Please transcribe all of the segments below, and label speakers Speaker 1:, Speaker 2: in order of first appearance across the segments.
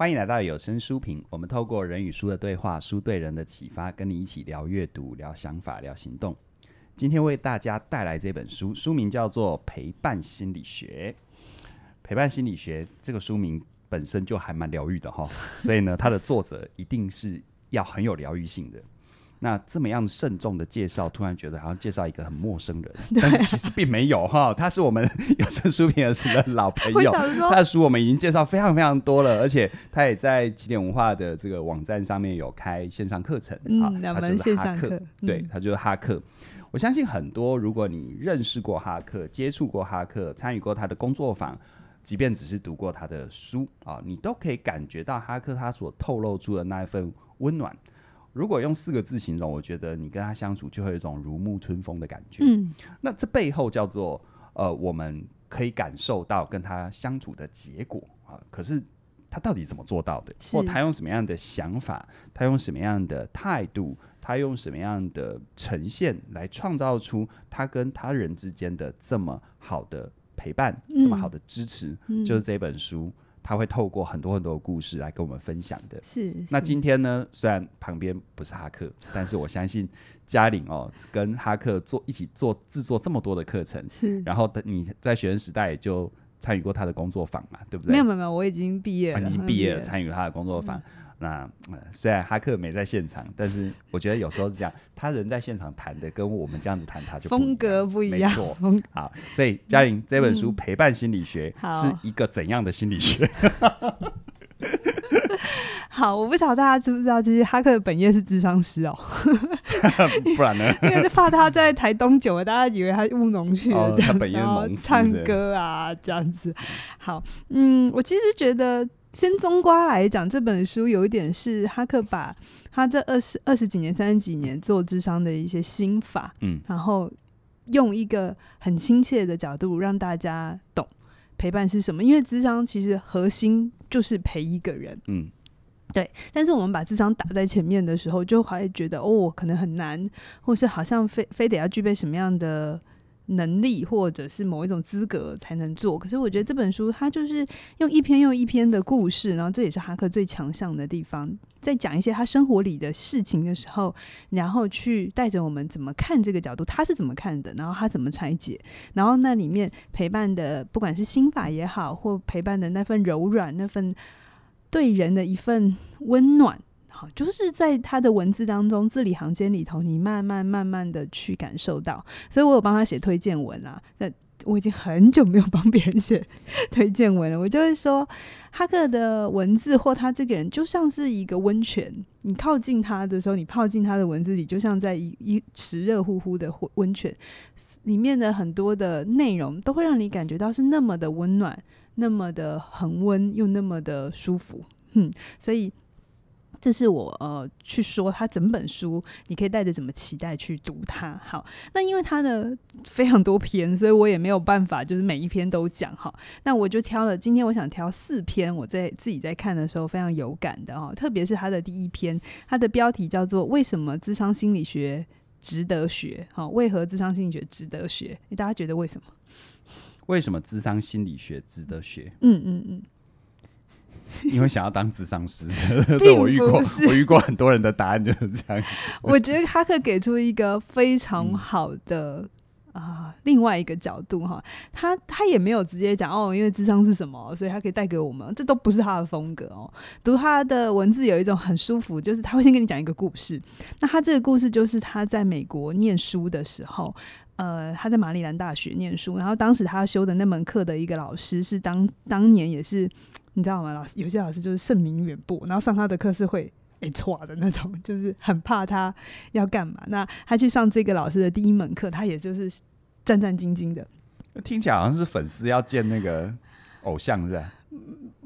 Speaker 1: 歡迎來到有聲書評。我們透過人與書的對話，書對人的啟發，跟你一起聊閱讀、聊想法、聊行動。今天為大家帶來這本書，書名叫做《陪伴心理學》。陪伴心理學這個書名本身就還蠻療癒的哈、哦， 所以呢，它的作者一定是要很有療癒性的。那這麼樣慎重的介紹，突然覺得好像介紹一個很陌生人，但是其實並沒有哈、啊哦，他是我們有聲書評的時的老朋友， 他的書我們已經介紹非常非常多了，而且他也在起點文化的這個網站上面有開線上課程啊，兩門線上課，對、哦、他就是哈克，嗯，是哈克嗯。我相信很多如果你認識過哈克，接觸過哈克，參與過他的工作坊，即便只是讀過他的書啊、哦，你都可以感覺到哈克他所透露出的那一份溫暖。如果用四個字形容，我覺得你跟他相處就會有一種如沐春風的感覺、嗯。那這背後叫做呃，我們可以感受到跟他相處的結果啊。可是他到底怎麼做到的？或他用什麼樣的想法？他用什麼樣的態度？他用什麼樣的呈現來創造出他跟他人之間的這麼好的陪伴，嗯、這麼好的支持？嗯、就是這本書。他會透過很多很多的故事來跟我們分享的。是。是。那今天呢，雖然旁邊不是哈克，但是我相信嘉玲哦， 跟哈克做一起做製作這麼多的課程。是。然後，你在學生時代也就參與過他的工作坊嘛，對不對？沒有沒
Speaker 2: 有沒有，我已經畢業了。啊，已經畢業了，參
Speaker 1: 與他的工作坊。嗯那雖然哈克沒在現場，但是我覺得有時候是這樣，他人在現場談的跟我們這樣子談，他就不一樣，風格不一樣。沒錯。好，所以嘉玲這本書《陪伴心理學、嗯》是一個怎樣的心理學？
Speaker 2: 好， 好，我不曉得大家知不知道，其實哈克本業是諮商師，哦， 不然
Speaker 1: 呢？ 因為，因為怕
Speaker 2: 他在台東久了，大家以為他務農去了，這樣子。哦、本業唱歌啊，這樣子、嗯。好，嗯，我其實覺得。先中瓜來講，這本書有一點是哈克把他這二十二十幾年、三十幾年做諮商的一些心法，嗯，然後用一個很親切的角度讓大家懂陪伴是什麼。因為諮商其實核心就是陪一個人，嗯，對。但是我們把諮商打在前面的時候，就會覺得哦，可能很難，或是好像非非得要具備什麼樣的。能力或者是某一種資格才能做，可是我覺得這本書它就是用一篇又一篇的故事，然後這也是哈克最強項的地方，在講一些他生活裡的事情的時候，然後去帶着我們怎麼看這個角度，他是怎麼看的，然後他怎麼拆解，然後那裡面陪伴的不管是心法也好，或陪伴的那份柔軟，那份對人的一份溫暖。好，就是在他的文字當中，字裡行間裡頭，你慢慢慢慢的去感受到。所以我有幫他寫推薦文啊，那我已經很久沒有幫別人寫推薦文了。我就會說，哈克的文字或他這個人，就像是一個溫泉。你靠近他的時候，你泡進他的文字裡，就像在一一池熱乎乎的溫泉裡面的很多的內容，都會讓你感覺到是那麼的溫暖，那麼的恆溫，又那麼的舒服。嗯，所以。這是我呃去說他整本書，你可以帶着怎麼期待去讀它。好，那因為它的非常多篇，所以我也沒有辦法就是每一篇都講哈。那我就挑了今天我想挑四篇，我在自己在看的時候非常有感的哈。特別是他的第一篇，它的標題叫做《為什麼諮商心理學值得學》。好，為何諮商心理學值得學？大家覺得為什麼？
Speaker 1: 為什麼諮商心理學值得學？嗯嗯嗯。嗯因為想要當諮商師， 並不是笑這我遇過。 我遇過很多人的答案就是這樣。 我
Speaker 2: 覺得哈克給出一個非常好的啊、嗯呃，另外一個角度哈，他他也沒有直接講哦，因為諮商是什麼，所以他可以帶給我們，這都不是他的風格哦、喔。讀他的文字有一種很舒服，就是他會先跟你講一個故事。那他這個故事就是他在美國唸書的時候，呃，他在馬里蘭大學唸書，然後當時他修的那門課的一個老師是當當年也是。你知道嗎？老師有些老師就是盛名遠播，然後上他的課是會誒錯、欸、的那種，就是很怕他要幹嘛。那他去上這個老師的第一門課，他也就是戰戰兢兢的。
Speaker 1: 聽起來好像是粉絲要見那個偶像， 是吧、啊？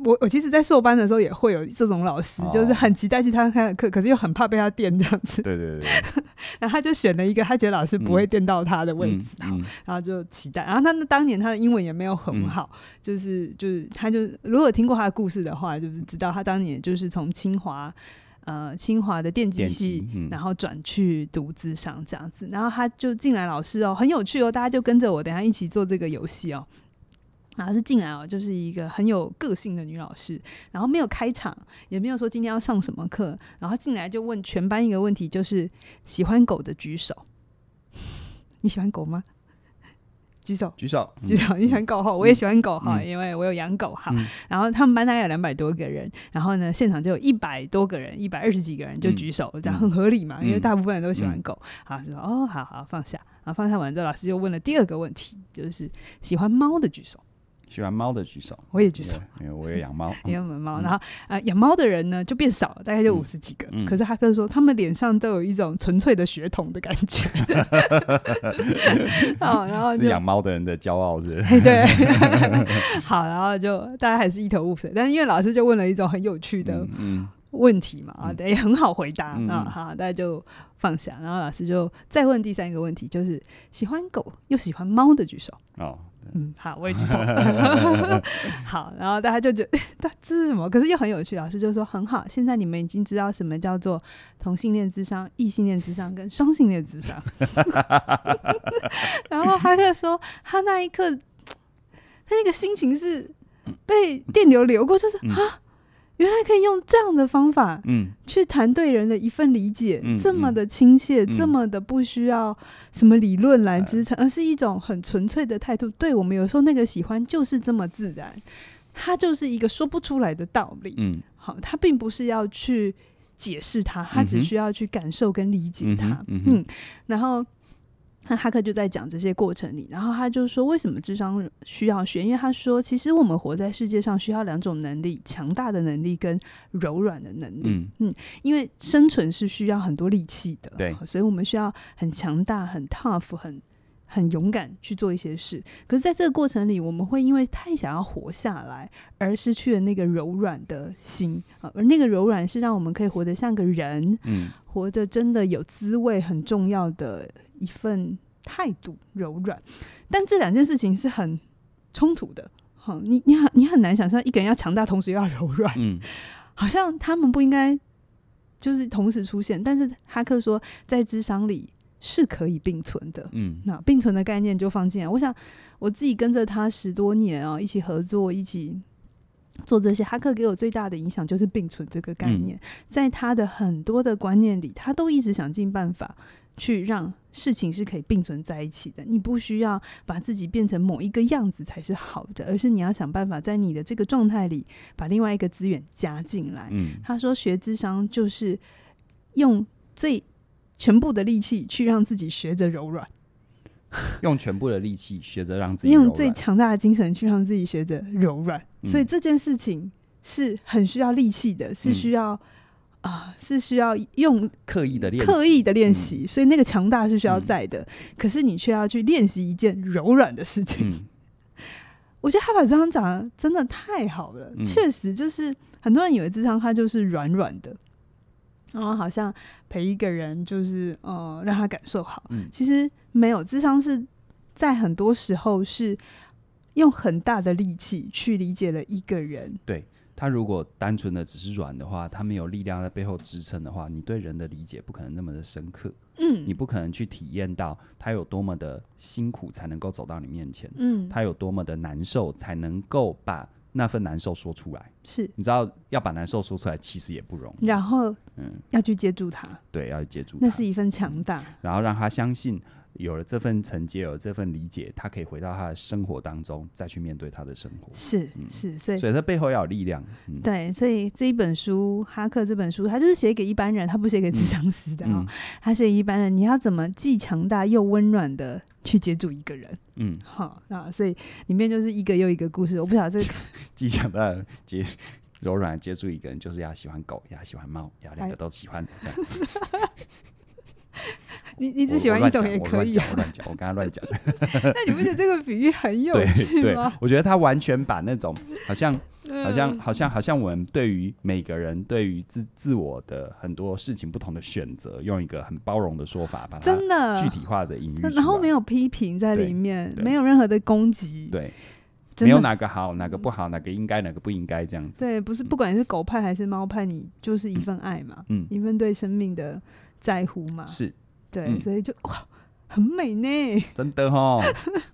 Speaker 2: 我我其實，在碩班的時候也會有這種老師，哦、就是很期待去他看的課，可是又很怕被他電這樣子。對對對。 然後他就選了一個，他覺得老師不會電到他的位置、嗯然，然後就期待。然後他那當年他的英文也沒有很好，就、嗯、是就是，就是、他就如果聽過他的故事的話，就是知道他當年就是從清華呃清華的電機系、嗯，然後轉去讀諮商這樣子。然後他就進來，老師哦，很有趣哦，大家就跟着我，等一下一起做這個遊戲哦。然後是進來哦，就是一個很有個性的女老師。然後沒有開場，也沒有說今天要上什麼課。然後進來就問全班一個問題，就是喜歡狗的舉手。你喜歡狗嗎？舉手，
Speaker 1: 舉手，嗯、舉手。
Speaker 2: 你喜歡狗哈，我也喜歡狗哈、嗯，因為我有養狗哈、嗯嗯。然後他們班大概有兩百多個人，然後呢，現場就有一百多個人，一百二十幾個人就舉手，嗯、這樣很合理嘛，因為大部分人都喜歡狗。嗯嗯、好，就說哦，好好放下。然後放下完之後，老師就問了第二個問題，就是喜歡貓的舉手。
Speaker 1: 喜歡貓的舉手，我也舉手，yeah, 因為我也養貓，因
Speaker 2: 為我養貓、嗯。然後，呃，養貓的人呢就變少了，大概就五十幾個。嗯、可是哈克說，他們臉上都有一種純粹的血統的感覺。
Speaker 1: 哦、嗯，然後是養貓的人的驕傲是？對，好，然後就，的的是是
Speaker 2: 然後就大家還是一頭霧水。但是因為老師就問了一種很有趣的嗯問題嘛啊，也、嗯、很好回答啊、嗯，好，大家就放下。然後老師就再問第三個問題，就是喜歡狗又喜歡貓的舉手哦。嗯，好，我也舉手。 好，然後大家就覺得，這是什麼？可是又很有趣。老師就說很好，現在你們已經知道什麼叫做同性戀諮商、異性戀諮商跟雙性戀諮商。
Speaker 1: 然
Speaker 2: 後他就說，他那一刻，他那個心情是被電流流過，就是啊。嗯原來可以用這樣的方法，嗯，去談對人的一份理解，嗯，這麼的親切，嗯，這麼的不需要什麼理論來支撐，嗯，而是一種很純粹的態度。對，我們有時候那個喜歡就是這麼自然，它就是一個說不出來的道理。嗯，好，哦，它並不是要去解釋它，它只需要去感受跟理解它。嗯，嗯，嗯，嗯，然後。那哈克就在講這些過程裡，然後他就說，為什麼諮商需要學？因為他說，其實我們活在世界上，需要兩種能力：強大的能力跟柔軟的能力。嗯，嗯，因為生存是需要很多力氣的，對，所以我們需要很強大、很 tough、很。很勇敢去做一些事，可是在這個過程裡，我們會因為太想要活下來而失去了那個柔軟的心啊，而那個柔軟是讓我們可以活得像個人，嗯，活得真的有滋味，很重要的一份態度，柔軟。但這兩件事情是很衝突的，好，你你很你很難想象一個人要強大，同時又要柔軟，嗯，好像他們不應該就是同時出現。但是哈克說，在諮商裡。是可以並存的，嗯，那並存的概念就放進來。我想我自己跟着他十多年啊、喔，一起合作，一起做這些。哈克給我最大的影響就是並存這個概念、嗯，在他的很多的觀念裡，他都一直想盡辦法去讓事情是可以並存在一起的。你不需要把自己變成某一個樣子才是好的，而是你要想辦法在你的這個狀態裡把另外一個資源加進來、嗯。他說學諮商就是用最。全部的力氣去讓自己學着柔軟，
Speaker 1: 用全部的力氣學着讓自己 用最
Speaker 2: 強大的精神去讓自己學着柔軟、嗯，所以這件事情是很需要力氣的，是需要啊、嗯呃，是需要用
Speaker 1: 刻意的刻意的
Speaker 2: 練習、嗯，所以那個強大是需要在的、嗯，可是你卻要去練習一件柔軟的事
Speaker 1: 情。嗯、
Speaker 2: 我覺得他把這張講得真的太好了，確、嗯、實就是很多人以為智商它就是軟軟的。然後好像陪一個人，就是呃，讓他感受好。嗯，其實沒有諮商是在很多時候是用很大的力氣去理解了一個人。
Speaker 1: 對，他如果單純的只是軟的話，他沒有力量在背後支撐的話，你對人的理解不可能那麼的深刻。嗯，你不可能去體驗到他有多麼的辛苦才能夠走到你面前。嗯，他有多麼的難受才能夠把。那份難受說出來，是，你知道要把難受說出來，其實也不容易。然後，嗯，
Speaker 2: 要去接住他，嗯、
Speaker 1: 對，要去接住，那
Speaker 2: 是一份強大、嗯，
Speaker 1: 然後讓他相信。有了這份承接，有了這份理解，他可以回到他的生活當中，再去面對他的生活。
Speaker 2: 是、嗯、是，所以所以
Speaker 1: 他背後要有力量、嗯。
Speaker 2: 對，所以這一本書《哈克》這本書，他就是寫給一般人，他不寫給諮商師的啊，他、嗯、寫、嗯、哦、一般人。你要怎麼既強大又溫暖的去接住一個人？嗯，好、哦、啊，所以裡面就是一個又一個故事。我不曉得這個 技，
Speaker 1: 既強大接柔軟接住一個人，就是要喜歡狗，也喜歡貓，也兩個都喜歡。
Speaker 2: 你你只喜歡一種也可以。我亂講，我亂講，我剛剛亂講。那你不覺得這個比喻很有趣嗎？對，我
Speaker 1: 覺得他完全把那種好像，好像，好像，好像我們對於每個人對於自自我的很多事情不同的選擇，用一個很包容的說法把它具體化的隱喻的，然後
Speaker 2: 沒有批評在裡面，沒有任何的攻擊，
Speaker 1: 對，沒有哪個好，哪個不好，哪個應該，哪個不應該，這樣
Speaker 2: 子。對，不是不管是狗派還是貓派、嗯，你就是一份愛嘛，嗯，一份對生命的在乎嘛，是。對、嗯，所以就哇，很美呢！
Speaker 1: 真的哦？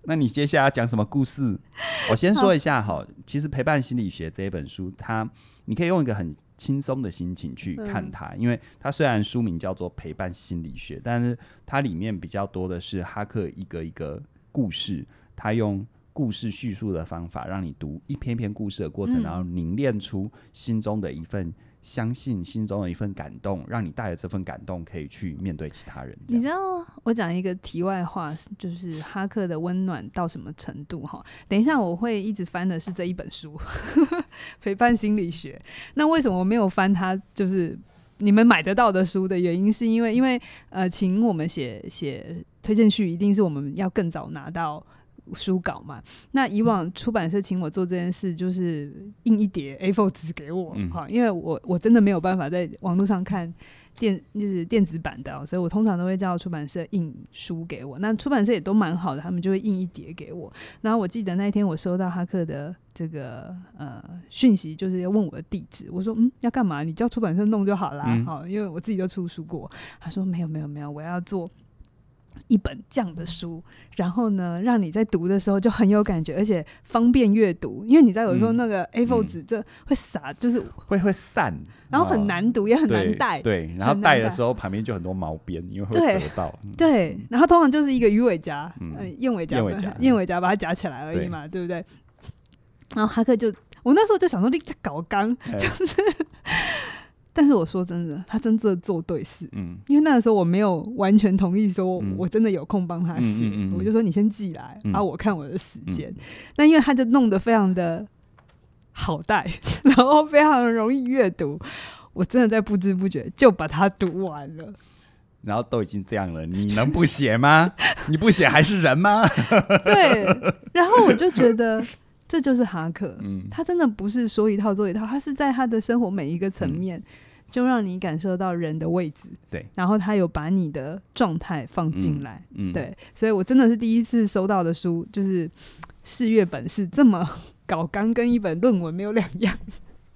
Speaker 1: 那你接下來要講什麼故事？ 我先說一下哈、哦。其實《陪伴心理學》這一本書，它你可以用一個很輕鬆的心情去看它、嗯，因為它雖然書名叫做《陪伴心理學》，但是它裡面比較多的是哈克一個一個故事，他用故事敘述的方法讓你讀一篇一篇故事的過程，嗯、然後凝練出心中的一份。相信心中的一份感動，讓你帶着這份感動可以去面對其他人。
Speaker 2: 你知道，我講一個題外話，就是哈克的溫暖到什麼程度哈？等一下我會一直翻的是這一本書，啊、 《陪伴心理學》。那為什麼我沒有翻他？就是你們買得到的書的原因，是因為因為呃，請我們寫寫推薦序，一定是我們要更早拿到。書稿嘛，那以往出版社請我做這件事，就是印一疊 A4 紙給我，哈、嗯，因為我我真的沒有辦法在網絡上看電就是電子版的，喔，所以我通常都會叫出版社印書給我。那出版社也都蠻好的，他們就會印一疊給我。然後我記得那一天我收到哈克的這個呃訊息，就是要問我的地址。我說嗯，要幹嘛？你叫出版社弄就好啦。嗯，好，因為我自己就出書過。他說沒有沒有沒有，我要做。一本這樣的書，然後呢，讓你在讀的時候就很有感覺，而且方便閱讀。因為你知道，有時候那個 A4 紙就會散、嗯嗯，就是會會散，然後很難讀，嗯、也很難帶。對，然後帶的時
Speaker 1: 候旁邊就很多毛邊，因為會折到
Speaker 2: 很對。對，然後通常就是一個魚尾夾、燕、嗯嗯、尾夾、燕、嗯、尾夾、嗯嗯、把它夾起來而已嘛對，對不對？然後哈克就，我那時候就想說，你這搞剛、欸、就是。 但是我說真的，他真的做對事。嗯，因為那個時候我沒有完全同意，說我真的有空幫他寫、嗯嗯嗯嗯嗯，我就說你先寄來，然後、嗯啊、我看我的時間、嗯嗯。那因為他就弄得非常的好帶，然後非常容易閱讀，我真的在不知不覺就把它讀完了。
Speaker 1: 然後都已經這樣了，你能不寫嗎？ 你不寫還是人嗎？ 對。
Speaker 2: 然後我就覺得。這就是哈克，嗯，他真的不是說一套做一套，他是在他的生活每一個層面，嗯、就讓你感受到人的位置，對，然後他有把你的狀態放進來，嗯嗯、對，所以我真的是第一次收到的書，就是試閱本是這麼搞剛，跟一本論文沒有兩樣。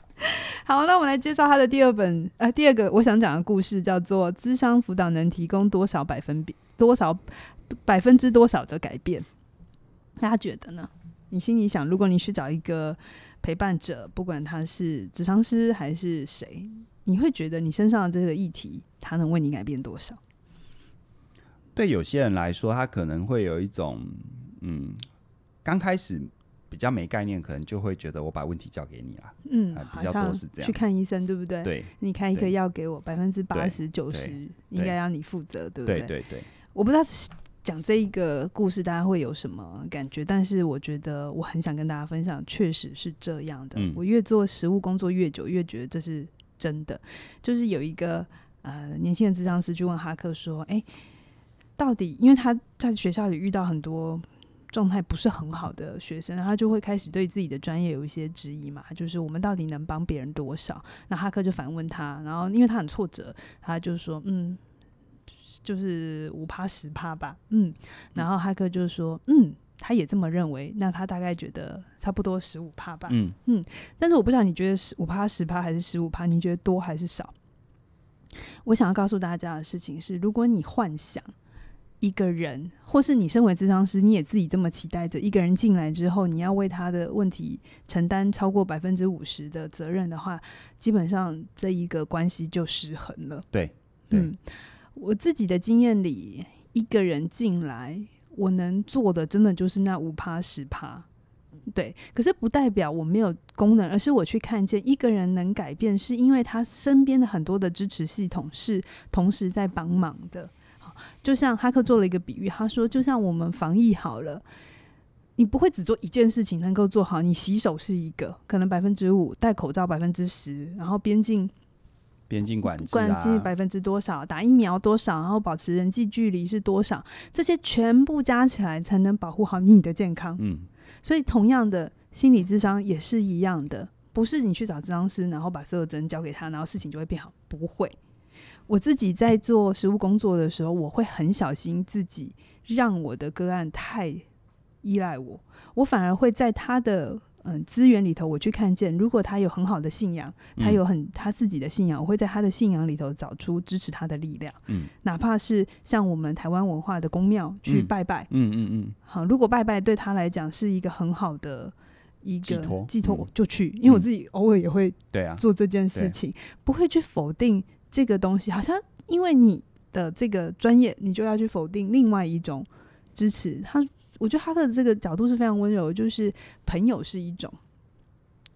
Speaker 2: 好，那我們來介紹他的第二本，呃，第二個我想講的故事叫做《諮商輔導能提供多少百分比？多少百分之多少的改變？大家覺得呢？》你心裡想，如果你去找一個陪伴者，不管他是諮商師還是誰，你會覺得你身上的這個議題，他能為你改變多少？
Speaker 1: 對有些人來說，他可能會有一種，嗯，剛開始比較沒概念，可能就會覺得我把問題交給你了。嗯、啊，比較多是這樣。好像去看醫生對不對？對，你開一顆藥給我 80,，百分之八十、九十應該要
Speaker 2: 你負責對，對不對？對對對。我不知道是。講這一個故事，大家會有什麼感覺？但是我覺得我很想跟大家分享，確實是這樣的。嗯、我越做實務工作越久，越覺得這是真的。就是有一個呃，年輕的諮商師就問哈克說：“哎、欸，到底？”因為他在學校裡遇到很多狀態不是很好的學生，然後他就會開始對自己的專業有一些質疑嘛。就是我們到底能幫別人多少？那哈克就反問他，然後因為他很挫折，他就說：“嗯。”就是五趴十趴吧嗯，嗯，然後哈克就是說，嗯，他也這麼認為，那他大概覺得差不多十五趴吧，嗯，嗯，但是我不知道你覺得五趴十趴還是十五趴，你覺得多還是少？我想要告訴大家的事情是，如果你幻想一個人，或是你身為諮商師，你也自己這麼期待着一個人進來之後，你要為他的問題承擔超過百分之五十的責任的話，基本上這一個關係就失衡了。
Speaker 1: 對，對
Speaker 2: 嗯。我自己的經驗裡，一個人進來，我能做的真的就是那五趴十趴，對。可是不代表我沒有功能，而是我去看見一個人能改變，是因為他身邊的很多的支持系統是同時在幫忙的。就像哈克做了一個比喻，他說，就像我們防疫好了，你不會只做一件事情能夠做好，你洗手是一個，可能百分之五，戴口罩百分之十，然後邊境。
Speaker 1: 嚴進管制、啊、管百
Speaker 2: 分之多少？打疫苗多少？然後保持人際距離是多少？這些全部加起來才能保護好你的健康。嗯，所以同樣的心理智商也是一樣的，不是你去找諮商師，然後把所有責任交給他，然後事情就會變好。不會，我自己在做實務工作的時候，我會很小心自己，讓我的個案太依賴我，我反而會在他的。嗯，資源裡頭我去看見，如果他有很好的信仰，他有很他自己的信仰，我會在他的信仰裡頭找出支持他的力量。嗯，哪怕是像我們臺灣文化的宮廟去拜拜。嗯嗯嗯，嗯。好，如果拜拜對他來講是一個很好的一個寄托，寄托就去，因為我自己偶爾也會對啊做這件事情，嗯，對啊，對啊，不會去否定這個東西。好像因為你的這個專業，你就要去否定另外一種支持他。我覺得他的這個角度是非常溫柔，就是朋友是一種，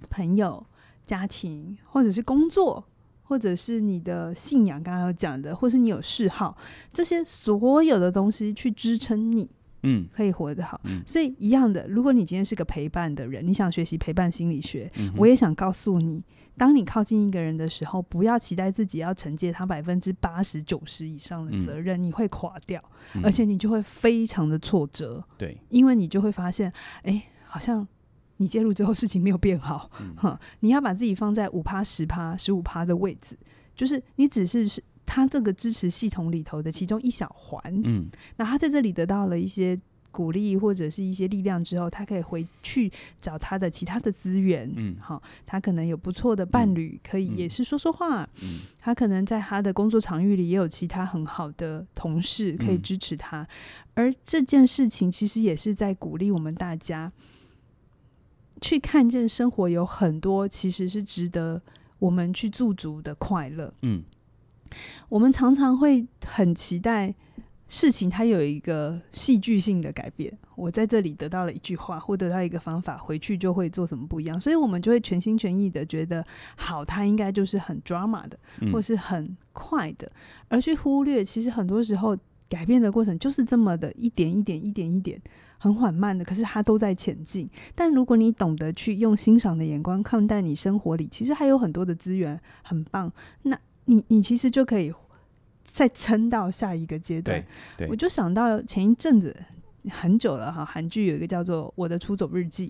Speaker 2: 朋友、家庭，或者是工作，或者是你的信仰，剛剛有講的，或是你有嗜好，這些所有的東西去支撐你，嗯，可以活得好、嗯。所以一樣的，如果你今天是個陪伴的人，你想學習陪伴心理學，嗯、我也想告訴你。當你靠近一個人的時候，不要期待自己要承接他百分之八十九十以上的責任，嗯、你會垮掉、嗯，而且你就會非常的挫折。對，因為你就會發現，哎、欸，好像你介入之後事情沒有變好，哼、嗯，你要把自己放在五趴十趴十五趴的位置，就是你只是是他這個支持系統裡頭的其中一小環，嗯，那他在這裡得到了一些。鼓勵或者是一些力量之後，他可以回去找他的其他的資源。嗯，好，他可能有不錯的伴侶，嗯，可以也是說說話。嗯，他可能在他的工作場域裡也有其他很好的同事可以支持他。嗯。而這件事情其實也是在鼓勵我們大家去看見生活有很多其實是值得我們去駐足的快樂。嗯，我們常常會很期待。事情它有一個戲劇性的改變，我在這裡得到了一句話，或得到一個方法，回去就會做什麼不一樣，所以我們就會全心全意的覺得好，它應該就是很 drama 的，或是很快的。嗯、而去忽略其實很多時候改變的過程就是這麼的一點一點一點一點很緩慢的，可是它都在前進。但如果你懂得去用欣賞的眼光看待你生活裡，其實還有很多的資源很棒，那你你其實就可以。再撐到下一個階段，我就想到前一陣子很久了哈，韓劇有一個叫做《我的出走日記》，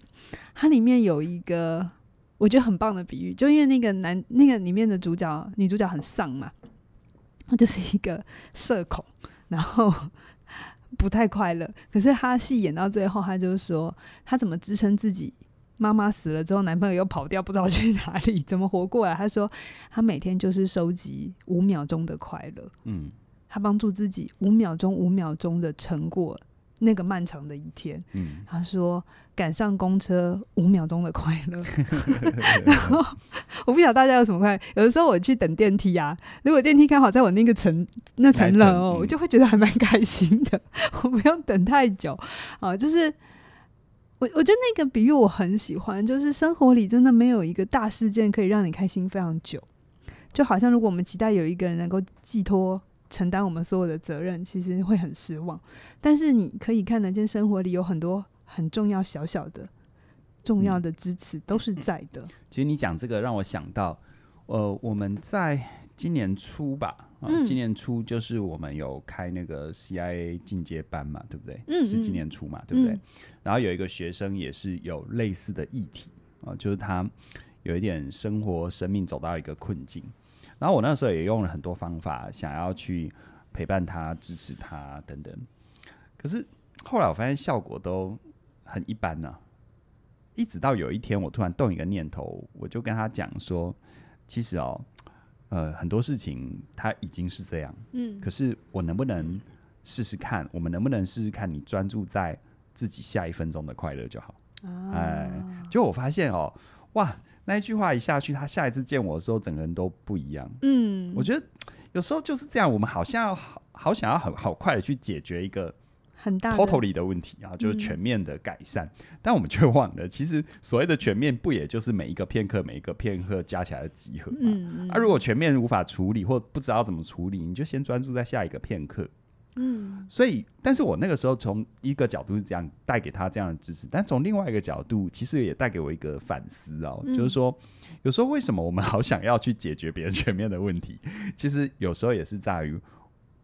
Speaker 2: 它裡面有一個我覺得很棒的比喻，就因為那個男那個裡面的主角女主角很喪嘛，她就是一個社恐，然後不太快樂，可是他戲演到最後，他就說他怎麼支撐自己。媽媽死了之後，男朋友又跑掉，不知道去哪裡，怎麼活過來？他說他每天就是收集五秒鐘的快樂。嗯，他幫助自己五秒鐘、五秒鐘的撐過那個漫長的一天。嗯，他說趕上公車五秒鐘的快樂。 然後我不曉得大家有什麼快樂，有的時候我去等電梯啊，如果電梯剛好在我那個層那層樓、喔嗯，我就會覺得還蠻開心的，我不用等太久啊，就是。我我覺得那個比喻我很喜歡，就是生活裡真的沒有一個大事件可以讓你開心非常久，就好像如果我們期待有一個人能夠寄托承擔我們所有的責任，其實會很失望。但是你可以看得見生活裡有很多很重要小小的重要的支持，嗯，都是在的。
Speaker 1: 嗯，其實你講這個讓我想到，呃，我們在今年初吧。啊，今年初就是我們有開那個 CIA 進階班嘛，對不對？嗯，是今年初嘛，嗯，對不對？嗯？然後有一個學生也是有類似的議題啊，就是他有一點生活生命走到一個困境，然後我那時候也用了很多方法，想要去陪伴他、支持他等等，可是後來我發現效果都很一般吶，啊。一直到有一天，我突然動一個念頭，我就跟他講說，其實哦。呃，很多事情他已經是這樣，嗯，可是我能不能試試看？嗯、我們能不能試試看？你專注在自己下一分鐘的快樂就好。啊、哎，結果我發現哦，哇，那一句話一下去，他下一次見我的時候，整個人都不一樣。
Speaker 2: 嗯，我覺
Speaker 1: 得有時候就是這樣，我們好像好好想要很好快的去解決一個。totally 的，的問題，啊，就是全面的改善。嗯、但我們卻忘了，其實所謂的全面，不也就是每一個片刻、每一個片刻加起來的集合嗎、嗯嗯？啊，如果全面無法處理或不知道怎麼處理，你就先專注在下一個片刻。嗯。所以，但是我那個時候從一個角度是這樣帶給他這樣的知識，但從另外一個角度，其實也帶給我一個反思哦、嗯，就是說，有時候為什麼我們好想要去解決別人全面的問題？其實有時候也是在於。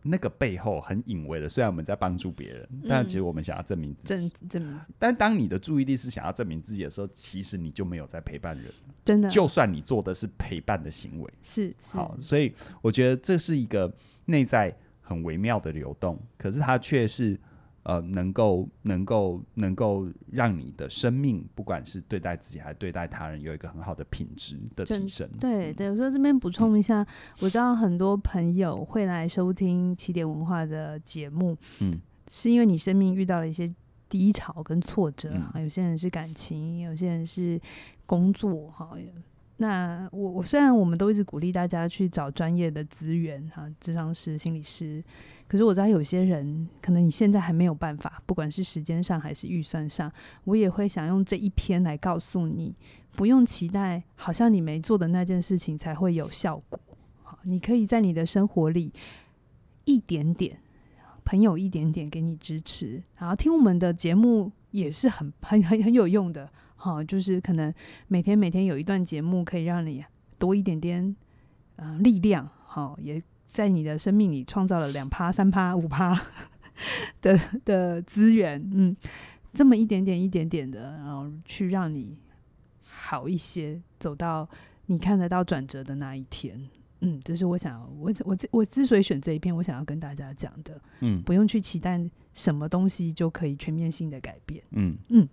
Speaker 1: 那個背後很隱微的，雖然我們在幫助別人，但其實我們想要證明自
Speaker 2: 己、嗯。
Speaker 1: 但當你的注意力是想要證明自己的時候，其實你就沒有在陪伴人。真的。就算你做的是陪伴的行為，是、是好，所以我覺得這是一個內在很微妙的流動，可是它卻是。呃，能夠、能夠、能夠讓你的生命，不管是對待自己還是對待他人，有一個很好的品質的提升。
Speaker 2: 對，對。我說這邊補充一下、嗯，我知道很多朋友會來收聽起點文化的節目，嗯，是因為你生命遇到了一些低潮跟挫折啊、嗯，有些人是感情，有些人是工作，哈。那我我雖然我們都一直鼓勵大家去找專業的資源啊，諮商師、心理師，可是我知道有些人可能你現在還沒有辦法，不管是時間上還是預算上，我也會想用這一篇來告訴你，不用期待好像你沒做的那件事情才會有效果，好，你可以在你的生活裡一點點，朋友一點點給你支持，然後聽我們的節目也是很很很很有用的。好、哦，就是可能每天每天有一段節目，可以讓你多一點點、呃、力量。好、哦，也在你的生命裡創造了兩趴、三趴、五趴的的資源。嗯，這麼一點點、一點點的，然後去讓你好一些，走到你看得到轉折的那一天。嗯，這、就是我想要我我我之所以選這一篇，我想要跟大家講的。嗯，不用去期待什麼東西就可以全面性的改變。嗯嗯。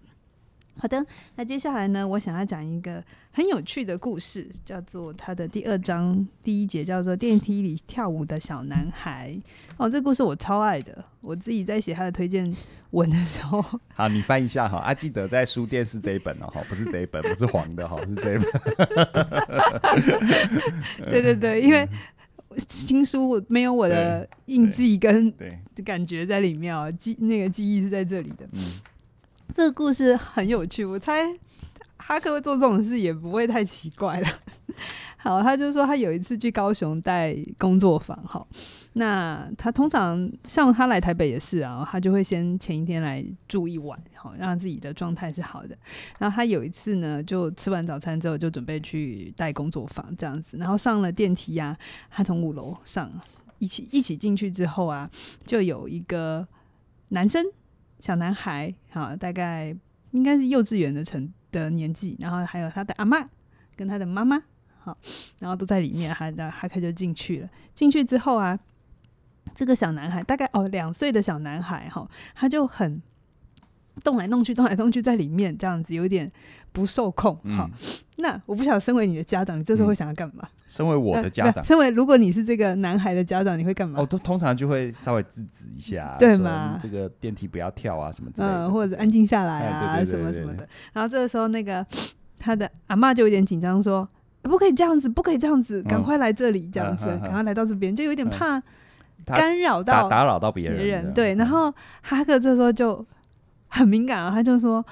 Speaker 2: 好的，那接下來呢？我想要講一個很有趣的故事，叫做他的第二章第一節，叫做電梯裡跳舞的小男孩。哦，這故事我超愛的。我自己在寫他的推薦文的時候，
Speaker 1: 好，你翻一下哈。阿、啊、記得在書店是這一本哦、喔，不是這一本，不是黃的，哈， 是這一本。 對對
Speaker 2: 對，因為新書沒有我的印記跟對感覺在裡面啊、喔，記那個記憶是在這裡的。嗯。這個故事很有趣，我猜哈克會做這種事也不會太奇怪了。好，他就說他有一次去高雄帶工作坊，好，那他通常像他來台北也是啊，他就會先前一天來住一晚，好讓自己的狀態是好的。然後他有一次呢，就吃完早餐之後就準備去帶工作坊這樣子，然後上了電梯呀、啊，他從五樓上一起一起進去之後啊，就有一個男生。小男孩，好、哦，大概應該是幼稚園的成的年紀，然後還有他的阿嬤跟他的媽媽，好、哦，然後都在裡面，然後他就進去了。進去之後啊，這個小男孩大概哦兩歲的小男孩，哈、哦，他就很。動來，動來動去，動來動去，在裡面這樣子，有點不受控哈、嗯。那我不曉得，身為你的家長，你這時候會想要幹嘛？
Speaker 1: 身為我的家長、呃，身為
Speaker 2: 如果你是這個男孩的家長，你會幹嘛？
Speaker 1: 哦，通常就會稍微制止一下、啊，對嘛？這個電梯不要跳啊，什麼之類的，
Speaker 2: 嗯、或者安靜下來啊、哎對對對對對對，什麼什麼的。然後這個時候，那個他的阿嬤就有點緊張，說、欸：“不可以這樣子，不可以這樣子，趕快來這裡，這樣子，趕、嗯啊啊啊、快來到這邊，就有點怕干擾到打擾到別人。這樣”對。然後哈克這時候就。很敏感啊，他就說，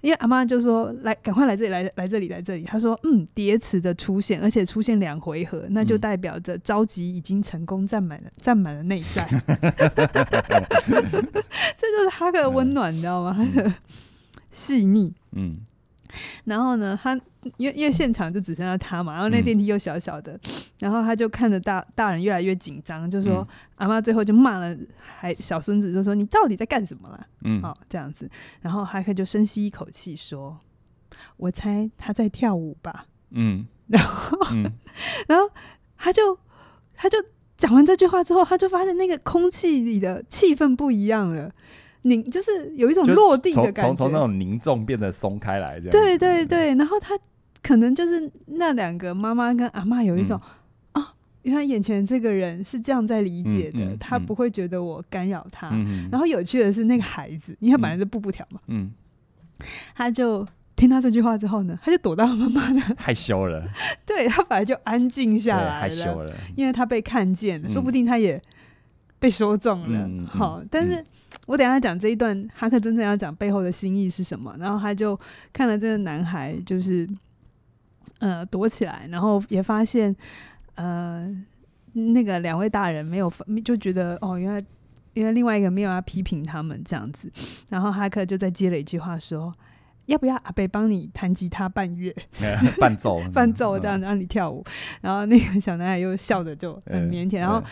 Speaker 2: 因為阿媽就說來，趕快來這裡，來來這裡，來這裡。他說，嗯，疊詞的出現，而且出現兩回合，那就代表着着急已經成功占滿了，占、嗯、滿了內在。 這就是他的溫暖，你知道嗎？細、嗯、膩， 嗯。然後呢，他因為因為現場就只剩下他嘛，然後那電梯又小小的，嗯、然後他就看着大大人越來越緊張，就說：“嗯、阿媽，最後就罵了，還小孫子就說你到底在幹什麼啦？”嗯，好、哦、這樣子，然後還可以哈克就深吸一口氣說：“我猜他在跳舞吧。”嗯，然後、嗯、 然後他就他就講完這句話之後，他就發現那個空氣裡的氣氛不一樣了。凝，就是有一種落地的感覺，從從從那種
Speaker 1: 凝重變得鬆開來，這樣。對
Speaker 2: 對對、嗯，然後他可能就是那兩個媽媽跟阿嬤有一種啊，因、嗯、為、哦、眼前這個人是這樣在理解的，嗯嗯、他不會覺得我干擾他、嗯。然後有趣的是那個孩子，嗯、因為本來是步步跳嘛，嗯，他就聽到這句話之後呢，他就躲到媽媽那，
Speaker 1: 害羞了。
Speaker 2: 對他反而就安靜下來了，害羞了，因為他被看見了、嗯，說不定他也。被說中了、
Speaker 1: 嗯嗯，好，
Speaker 2: 但是我等下講這一段、嗯，哈克真正要講背後的心意是什麼。然後他就看了這個男孩，就是呃躲起來，然後也發現呃那個兩位大人沒有就覺得哦，原來因為另外一個沒有要批評他們這樣子。然後哈克就再接了一句話說：“要不要阿伯幫你彈吉他伴樂、嗯、 伴奏，伴奏這樣、嗯、讓你跳舞？”然後那個小男孩又笑着就很腼腆、欸，然後。欸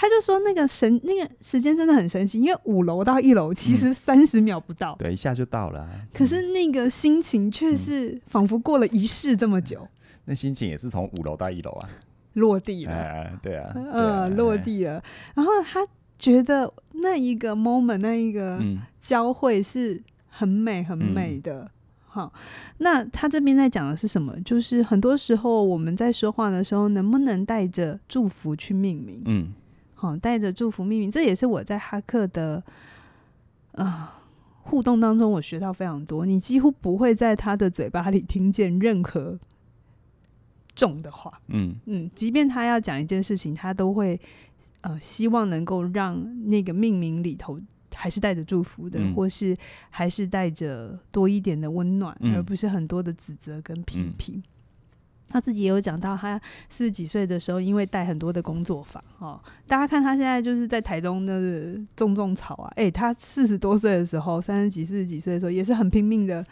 Speaker 2: 他就說那個神那個時間真的很神奇，因為五樓到一樓其實三十秒不到，嗯、
Speaker 1: 對，一下就到了、嗯。
Speaker 2: 可是那個心情卻是仿佛過了一世這麼久。嗯、
Speaker 1: 那心情也是從五樓到一樓啊，
Speaker 2: 落地了。哎哎哎對啊
Speaker 1: 呃、對啊，呃，落
Speaker 2: 地了。哎哎。然後他覺得那一個 moment 那一個交匯是很美很美的、嗯。好，那他這邊在講的是什麼？就是很多時候我們在說話的時候，能不能帶着祝福去命名？嗯。好，帶着祝福命名，這也是我在哈克的啊、呃、互動當中，我學到非常多。你幾乎不會在他的嘴巴裡聽見任何重的話，嗯嗯，即便他要講一件事情，他都會呃，希望能夠讓那個命名裡頭還是帶着祝福的，嗯、或是還是帶着多一點的溫暖，嗯、而不是很多的指責跟批評，評。嗯他自己也有講到，他四十幾歲的時候，因為帶很多的工作坊，哦，大家看他現在就是在台東的種種草啊。誒、欸，他四十多歲的時候，三十幾、四十幾歲的時候，也是很拼命的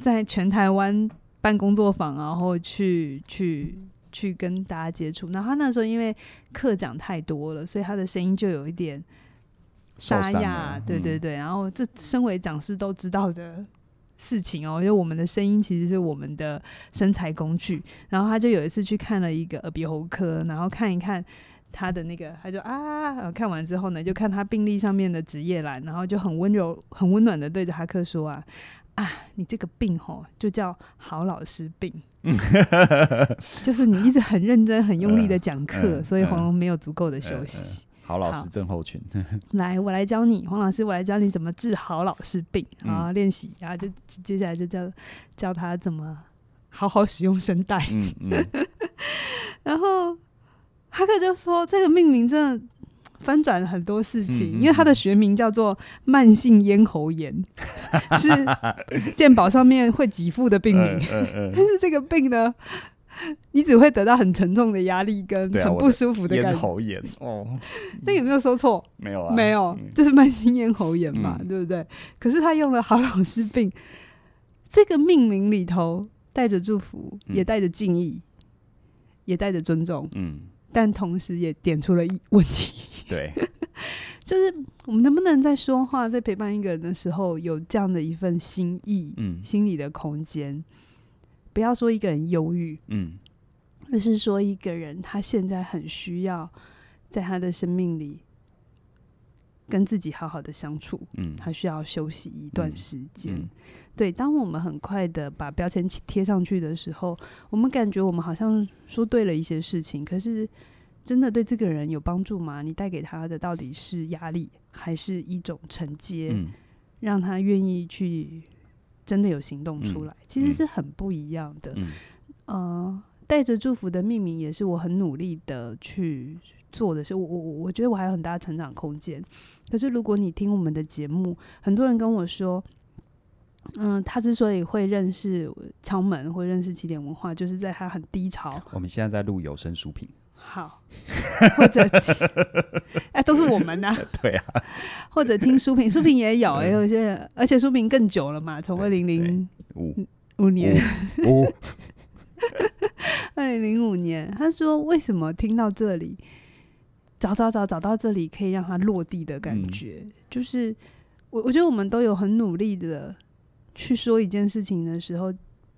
Speaker 2: 在全台灣辦工作坊，然後去去去跟大家接觸。然後他那時候因為課講太多了，所以他的聲音就有一點
Speaker 1: 沙啞。對對對，
Speaker 2: 對、嗯，然後這身為講師都知道的。事情哦，因為我們的聲音其實是我們的生財工具。然後他就有一次去看了一個耳鼻喉科，然後看一看他的那個，他就啊，看完之後呢，就看他病歷上面的職業欄，然後就很溫柔、很溫暖的對着哈克說啊啊，你這個病哦，就叫好老師病， 就是你一直很認真、很用力的講課，所以喉嚨沒有足夠的休息。好老師症候
Speaker 1: 群，
Speaker 2: 來，我來教你，黃老師，我來教你怎麼治好老師病，嗯、啊！練習，啊，然後就接下來就教教他怎麼好好使用聲帶。嗯嗯、 然後哈克就說，這個命名真的翻轉了很多事情，嗯嗯、因為它的學名叫做慢性咽喉炎，嗯嗯、是健保上面會給付的病名，呃呃呃、但是這個病呢？你只會得到很沉重的壓力跟很不舒服的感覺。啊、咽喉
Speaker 1: 炎哦，
Speaker 2: 那有沒有說錯？沒有啊，沒有，嗯、就是慢性咽喉炎嘛、嗯，對不對？可是他用了“好老師病”這個命名裡頭，帶着祝福也帶著、嗯，也帶着敬意，也帶着尊重。
Speaker 1: 嗯，
Speaker 2: 但同時也點出了一問題。
Speaker 1: 對，
Speaker 2: 就是我們能不能在說話、在陪伴一個人的時候，有這樣的一份心意、嗯，心理的空間？不要說一個人憂鬱，嗯，而是說一個人他現在很需要在他的生命裡跟自己好好的相處，嗯，他需要休息一段時間、嗯嗯。對，當我們很快的把標籤貼上去的時候，我們感覺我們好像說對了一些事情，可是真的對這個人有幫助嗎？你帶給他的到底是壓力，還是一種承接，嗯、讓他願意去？真的有行動出來，嗯，其實是很不一樣的。嗯、呃，帶着祝福的命名也是我很努力的去做的事，是我我我覺得我還有很大的成長空間。可是如果你聽我們的節目，很多人跟我說，嗯、呃，他之所以會認識敲門或認識起點文化，就是在他很低潮。
Speaker 1: 我們現在在錄有聲書評。好，或者聽，哎、 欸，都是我們呢、啊。 對啊，
Speaker 2: 或者聽書評，書評也有、欸，有些，而且書評更久了嘛，從二零零五五年，二零零五，五，五 年，他說為什麼聽到這裡，找找找找到這裡可以讓他落地的感覺，嗯、就是我我覺得我們都有很努力的去說一件事情的時候。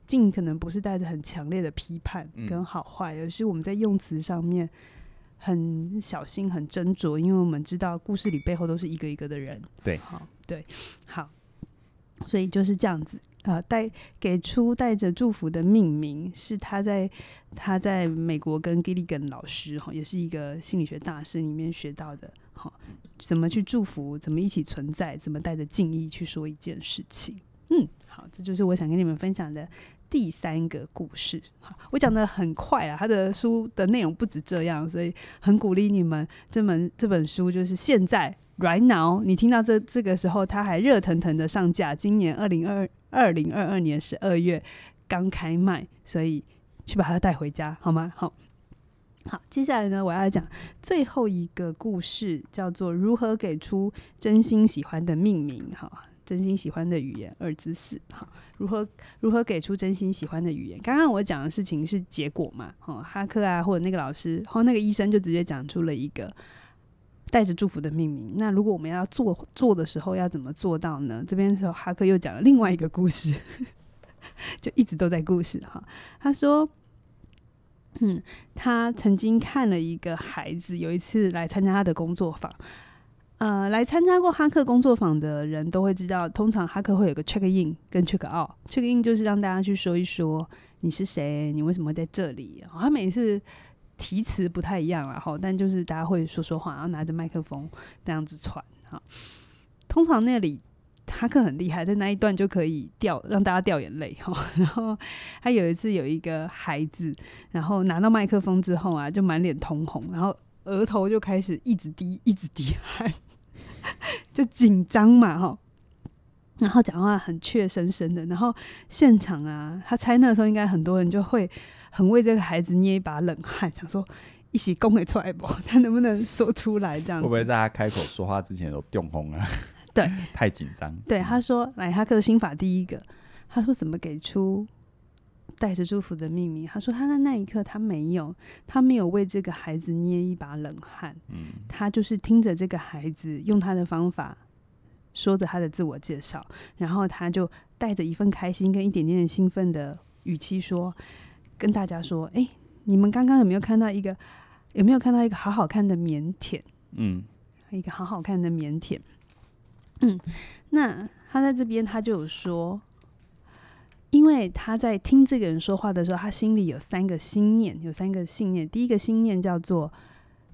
Speaker 2: 盡可能不是帶着很強烈的批判跟好壞，而、嗯、是我們在用詞上面很小心、很斟酌，因為我們知道故事裡背後都是一個一個的人。對，好、哦，對，好，所以就是這樣子啊，帶、呃、給出帶着祝福的命名，是他在他在美國跟 Gilligan 老師哈、哦，也是一個心理學大師裡面學到的，好、哦，怎麼去祝福，怎麼一起存在，怎麼帶着敬意去說一件事情。嗯，好，這就是我想跟你們分享的。第三個故事，好，我講得很快啊，他的書的內容不止這樣，所以很鼓勵你們。這本這本書就是現在 right now，你聽到這這個時候，他還熱騰騰的上架，今年二零二二零二二年十二月剛開賣，所以去把它帶回家好嗎？好好，接下來呢，我要講最後一個故事，叫做如何給出真心喜歡的命名。好。真心喜歡的語言二之四，哈、哦，如何如何給出真心喜歡的語言？剛剛我講的事情是結果嘛？哈、哦，哈克啊，或者那個老師，或、哦、那個醫生就直接講出了一個帶着祝福的命名。那如果我們要做做的時候，要怎麼做到呢？這邊的時候，哈克又講了另外一個故事，呵呵就一直都在故事哈、哦。他說，嗯，他曾經看了一個孩子，有一次來參加他的工作坊。呃，來參加過哈克工作坊的人都會知道，通常哈克會有個 check in 跟 check out。check in 就是讓大家去說一說你是誰，你為什麼會在這裡。哦、他每次題詞不太一樣、啊，然後但就是大家會說說話，然後拿着麥克風這樣子傳。哈、哦，通常那裡哈克很厲害，在那一段就可以掉讓大家掉眼淚。哈、哦， 然後他有一次有一個孩子，然後拿到麥克風之後啊，就滿臉通紅，然後。額頭就開始一直滴，一直滴汗， 就緊張嘛，吼。然後講話很怯生生的，然後現場啊，他猜那時候應該很多人就會很為這個孩子捏一把冷汗，想說一起供給出來不？他能不能說出來？這樣會不會
Speaker 1: 在他開口說話之前都凍紅了？ 對，太緊張。對，
Speaker 2: 他說：“來，哈克的心法第一個，他說怎麼給出。”帶着祝福的秘密，他說他在那一刻，他沒有，他沒有為這個孩子捏一把冷汗。他就是聽着這個孩子用他的方法說着他的自我介紹，然後他就帶着一份開心跟一點點的興奮的語氣說，跟大家說：“哎、欸，你們剛剛有沒有看到一個？有沒有看到一個好好看的腼腆？嗯，一個好好看的腼腆。嗯，那他在這邊，他就有說。”因為他在聽這個人說話的時候，他心裡有三個心念，有三個信念。第一個心念叫做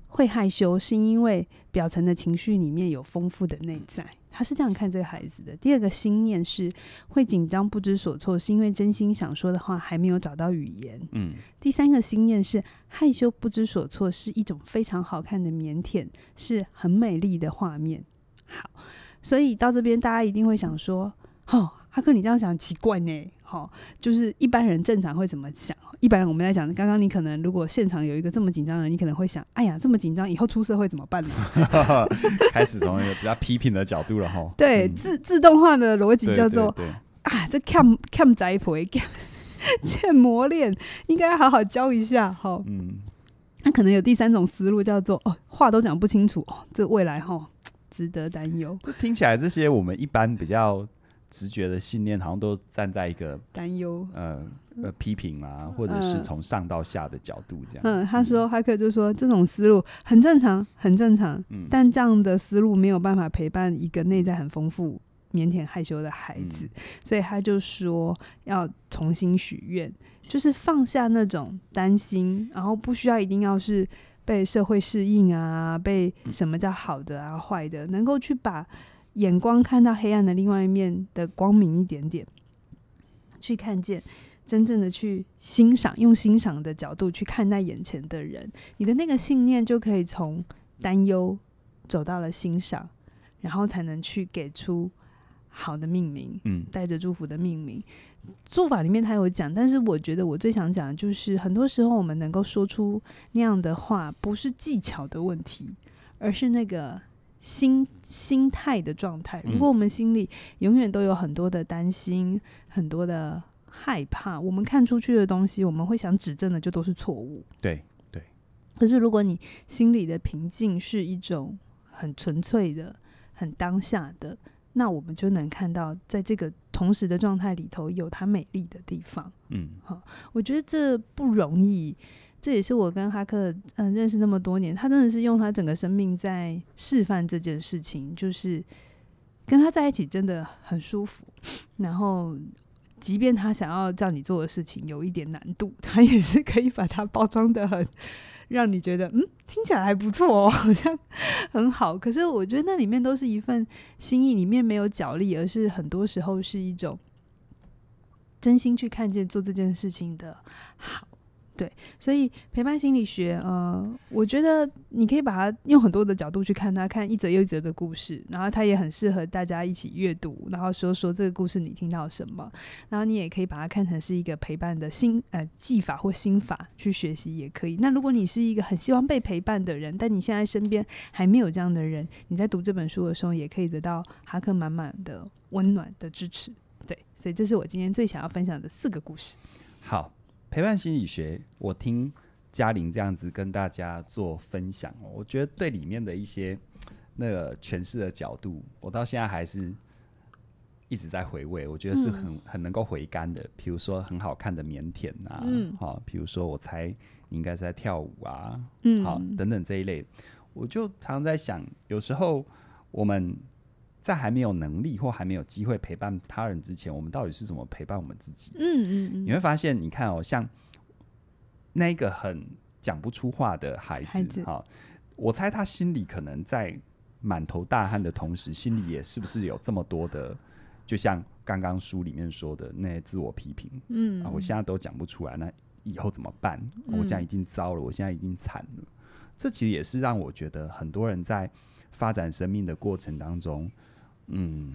Speaker 2: 會害羞，是因為表層的情緒裡面有豐富的內在，他是這樣看這個孩子的。第二個心念是會緊張不知所措，是因為真心想說的話還沒有找到語言。嗯。第三個心念是害羞不知所措是一種非常好看的腼腆，是很美麗的畫面。好，所以到這邊大家一定會想說，吼、哦。哈克，你這樣想很奇怪呢，哦，就是一般人正常會怎麼想？一般人我們在想，剛剛你可能如果現場有一個這麼緊張的人，你可能會想，哎呀，這麼緊張，以後出社會怎麼辦呢？
Speaker 1: 開始從一個比較批評的角度了，哈、 嗯。
Speaker 2: 對，自自動化的邏輯叫做，對對對對啊，這看 a 宅婆 c a 欠磨練，應該要好好教一下，哈。嗯。那可能有第三種思路，叫做，哦，話都講不清楚，哦，這未來哈值得擔憂。
Speaker 1: 聽起來這些我們一般比較。直覺的信念好像都站在一個擔憂，呃呃批評啊，或者是從上到下的角度這樣嗯。嗯，
Speaker 2: 他說，哈克就說、嗯、這種思路很正常，很正常、嗯。但這樣的思路沒有辦法陪伴一個內在很豐富、腼、嗯、腆害羞的孩子、嗯，所以他就說要重新許願，就是放下那種擔心，然後不需要一定要是被社會適應啊，被什麼叫好的啊、壞、嗯、的，能夠去把。眼光看到黑暗的另外一面的光明一點點，去看見，真正的去欣賞，用欣賞的角度去看待眼前的人，你的那個信念就可以從擔憂走到了欣賞，然後才能去給出好的命名，嗯，帶着祝福的命名。做法裡面他有講，但是我覺得我最想講的就是，很多時候我們能夠說出那樣的話，不是技巧的問題，而是那個。心心態的狀態，如果我們心裡永遠都有很多的擔心、嗯、很多的害怕，我們看出去的東西，我們會想指正的就都是錯誤。
Speaker 1: 對對。
Speaker 2: 可是，如果你心裡的平靜是一種很純粹的、很當下的，那我們就能看到，在這個同時的狀態裡頭，有它美麗的地方。嗯，好，我覺得這不容易。這也是我跟哈克嗯、認識那麼多年，他真的是用他整個生命在示範這件事情。就是跟他在一起真的很舒服，然後即便他想要叫你做的事情有一點難度，他也是可以把它包裝得很讓你覺得嗯、聽起來還不錯哦，好像很好。可是我覺得那裡面都是一份心意，裡面沒有角力，而是很多時候是一種真心去看見做這件事情的好。對，所以陪伴心理學，呃，我覺得你可以把它用很多的角度去看它，看一則又一則的故事，然後它也很適合大家一起閱讀，然後說說這個故事你聽到什麼，然後你也可以把它看成是一個陪伴的心，呃，技法或心法去學習也可以。那如果你是一個很希望被陪伴的人，但你現在身邊還沒有這樣的人，你在讀這本書的時候也可以得到哈克滿滿的溫暖的支持。對，所以這是我今天最想要分享的
Speaker 1: 四個故事。好。陪伴心理學，我聽嘉玲這樣子跟大家做分享，我覺得對裡面的一些那個詮釋的角度，我到現在還是一直在回味。我覺得是很很能夠回甘的，嗯，比如說很好看的腼腆吶，啊，嗯，好、啊，比如說我猜你應該是在跳舞啊，嗯，好、啊，等等這一類，我就常常在想，有時候我們。在還沒有能力或還沒有機會陪伴他人之前，我們到底是怎麼陪伴我們自己？嗯嗯，你會發現，你看哦，像那個很講不出話的孩子哈、哦，我猜他心裡可能在滿頭大汗的同時，心裡也是不是有這麼多的，就像剛剛書裡面說的那些自我批評。嗯、啊，我現在都講不出來，那以後怎麼辦？哦、我這樣已經糟了，我現在已經慘了、嗯。這其實也是讓我覺得，很多人在發展生命的過程當中。嗯，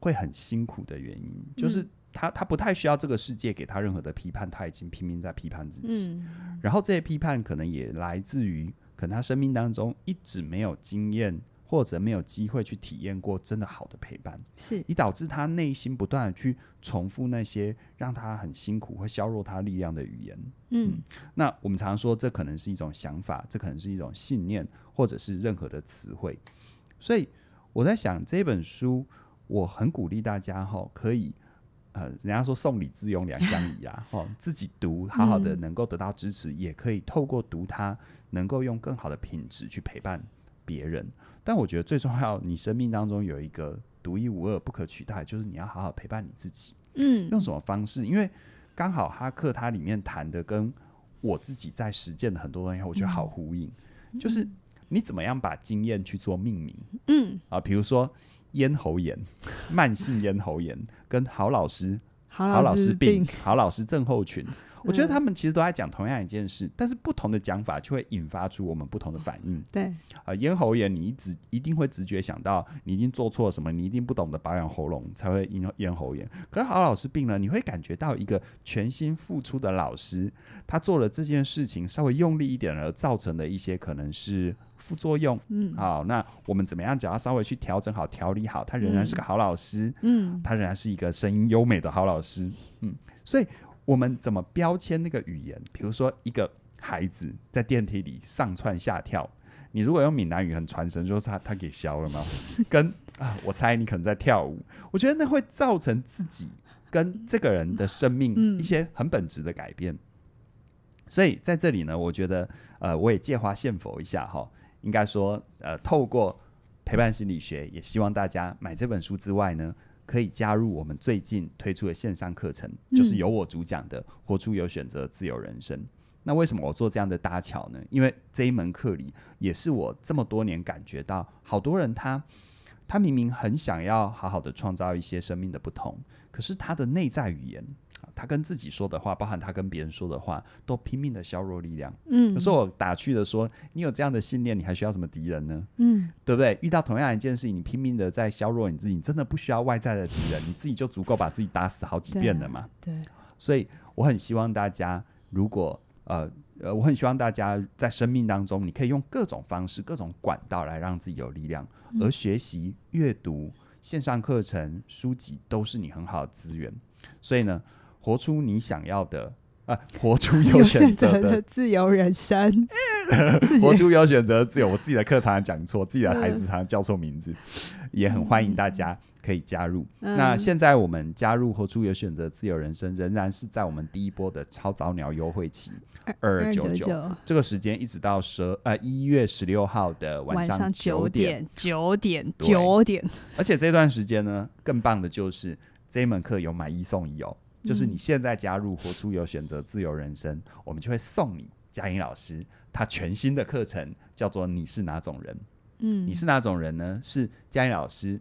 Speaker 1: 會很辛苦的原因就是他他不太需要這個世界給他任何的批判，他已經拼命在批判自己。嗯，然後這些批判可能也來自於可能他生命當中一直沒有經驗或者沒有機會去體驗過真的好的陪伴，是以導致他內心不斷的去重複那些讓他很辛苦、會削弱他力量的語言嗯。嗯，那我們常說這可能是一種想法，這可能是一種信念，或者是任何的詞彙，所以。我在想這本書，我很鼓勵大家哈，可以，呃，人家說送禮自用兩相宜啊，哈， 自己讀好好的，能夠得到支持，嗯，也可以透過讀它，能夠用更好的品質去陪伴別人。但我覺得最重要，你生命當中有一個獨一無二，不可取代，就是你要好好陪伴你自己。嗯，用什麼方式？因為剛好哈克他裡面談的跟我自己在實踐的很多東西，我覺得好呼應，嗯、就是。你怎麼樣把經驗去做命名？嗯，啊，比如說咽喉炎，慢性咽喉炎，跟好老師， 好老師、好老師病、好老師症候群，嗯、我覺得他們其實都在講同樣一件事，但是不同的講法就會引發出我們不同的反應。對，啊、呃，咽喉炎，你一直一定會直覺想到你一定做錯了什麼，你一定不懂得保養喉嚨才會引咽喉炎。可是好老師病了，你會感覺到一個全心付出的老師，他做了這件事情稍微用力一點而造成的一些可能是，副作用，嗯，好、哦，那我們怎麼樣？只要稍微去調整好、調理好，他仍然是個好老師，嗯，嗯，他仍然是一個聲音優美的好老師，嗯。所以，我們怎麼標籤那個語言？比如說，一個孩子在電梯裡上竄下跳，你如果用閩南語很傳神，說、就是、他他給消了嗎？ 跟啊，我猜你可能在跳舞。我覺得那會造成自己跟這個人的生命一些很本質的改變。嗯嗯、所以，在這裡呢，我覺得呃，我也借花獻佛一下哈。應該說，呃，透過陪伴心理學，也希望大家買這本書之外呢，可以加入我們最近推出的線上課程，嗯，就是由我主講的《活出有選擇的自由人生》。那為什麼我做這樣的搭橋呢？因為這一門課裡，也是我這麼多年感覺到，好多人他他明明很想要好好的創造一些生命的不同，可是他的內在語言。他跟自己說的話，包含他跟別人說的話，都拼命的削弱力量。嗯，有時候我打趣的說：“你有這樣的信念，你還需要什麼敵人呢？”嗯，對不對？遇到同樣一件事情，你拼命的在削弱你自己，你真的不需要外在的敵人， 你自己就足夠把自己打死好幾遍了嘛。對。對。所以我很希望大家，如果呃呃，我很希望大家在生命當中，你可以用各種方式、各種管道來讓自己有力量。嗯。而學習、閱讀、線上課程、書籍都是你很好的資源。所以呢。活出你想要的啊！活出有選擇的，的
Speaker 2: 自由人生， 活出
Speaker 1: 有選擇自由。我自己的課常常講錯，自己的孩子常常叫錯名字、嗯，也很歡迎大家可以加入。嗯、那現在我們加入“活出有選擇自由人生”，仍然是在我們第一波的超早鳥優惠期二九九，這個時間一直到十二呃一月十六號的晚上九點
Speaker 2: 九點九點，
Speaker 1: 點。而且這段時間呢，更棒的就是這一門課有買一送一哦。就是你現在加入“活出有選擇自由人生、嗯”，我們就會送你嘉玲老師他全新的課程，叫做“你是哪種人”。嗯，你是哪種人呢？是嘉玲老師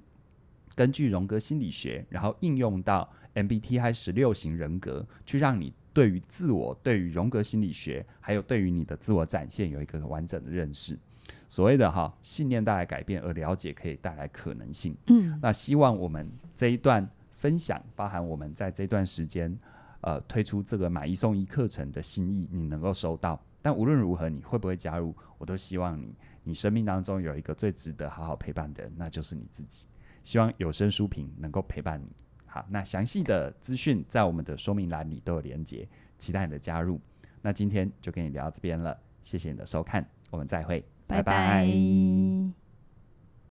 Speaker 1: 根據榮格心理學，然後應用到 MBTI 十六型人格，去讓你對於自我、對於榮格心理學，還有對於你的自我展現有一個完整的認識。所謂的哈“哈信念帶來改變”，而了解可以帶來可能性。嗯，那希望我們這一段。分享包含我們在這段時間，呃，推出這個買一送一課程的心意，你能夠收到。但無論如何，你會不會加入，我都希望你，你生命當中有一個最值得好好陪伴的人，那就是你自己。希望有聲書評能夠陪伴你。好，那詳細的資訊在我們的說明欄裡都有連結，期待你的加入。那今天就跟你聊到這邊了，謝謝你的收看，我們再會，拜拜。拜拜